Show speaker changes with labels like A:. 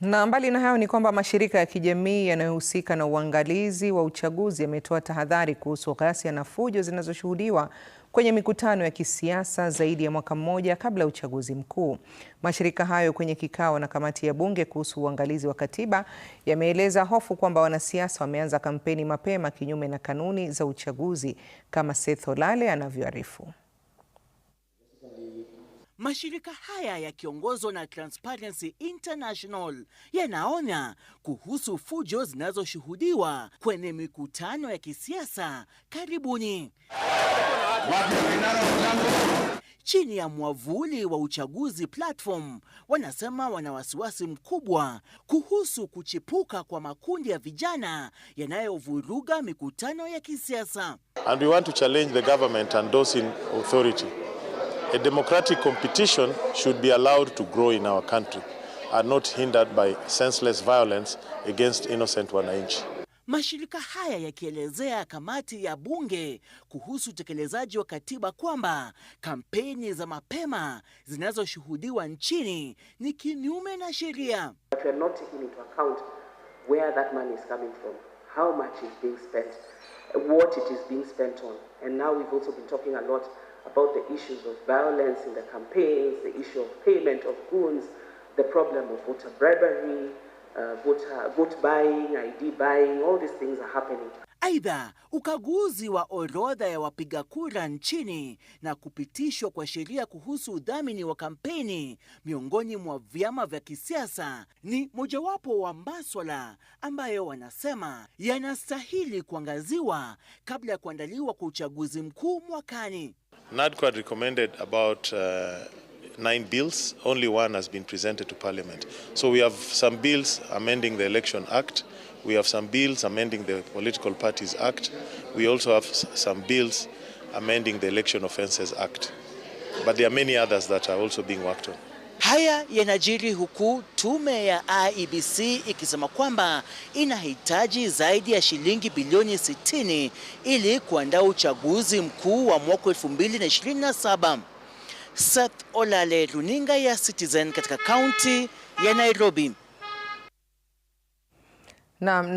A: Na mbali na hayo ni kwamba mashirika ya kijamii yanayohusika na uangalizi wa uchaguzi yametoa tahadhari kuhusu ghasia na fujo zinazoshuhudiwa kwenye mikutano ya kisiasa zaidi ya mwaka mmoja kabla ya uchaguzi mkuu. Mashirika hayo kwenye kikao na kamati ya bunge kuhusu uangalizi wa katiba yameeleza hofu kwamba wanasiasa wameanza kampeni mapema kinyume na kanuni za uchaguzi, kama Seth Olale anavyoarifu.
B: Mashirika haya yakiongozwa na Transparency International yanaonya kuhusu fujo zinazoshuhudiwa kwenye mikutano ya kisiasa karibuni chini ya mwavuli wa uchaguzi platform, wanasema wana wasiwasi mkubwa kuhusu kuchipuka kwa makundi ya vijana yanayovuruga mikutano ya kisiasa.
C: And we want to challenge the government and those in authority A democratic competition should be allowed to grow in our country and not hindered by senseless violence against innocent wananchi.
B: Mashirika haya yakielezea kamati ya bunge kuhusu utekelezaji wa katiba kwamba kampeni za mapema zinazoshuhudiwa nchini ni kinyume na sheria.
D: What it is being spent on. And now we've also been talking a lot about the issues of violence in the campaigns, the issue of payment of goons, the problem of voter bribery, uh, voter, vote buying, ID buying, all these things are happening.
B: Aidha, ukaguzi wa orodha ya wapiga kura nchini na kupitishwa kwa sheria kuhusu udhamini wa kampeni miongoni mwa vyama vya kisiasa ni mojawapo wa maswala ambayo wanasema yanastahili kuangaziwa kabla ya kuandaliwa kwa uchaguzi mkuu mwakani.
E: NADCO had recommended about uh, nine bills. Only one has been presented to Parliament. So we have some bills amending the Election Act. We have some bills amending the Political Parties Act. We also have some bills amending the Election Offences Act. But there are many others that are also being worked on.
B: Haya yanajiri huku tume ya IEBC ikisema kwamba inahitaji zaidi ya shilingi bilioni 60 ili kuandaa uchaguzi mkuu wa mwaka 2027. Seth Olale, runinga ya Citizen katika kaunti ya Nairobi. Naam.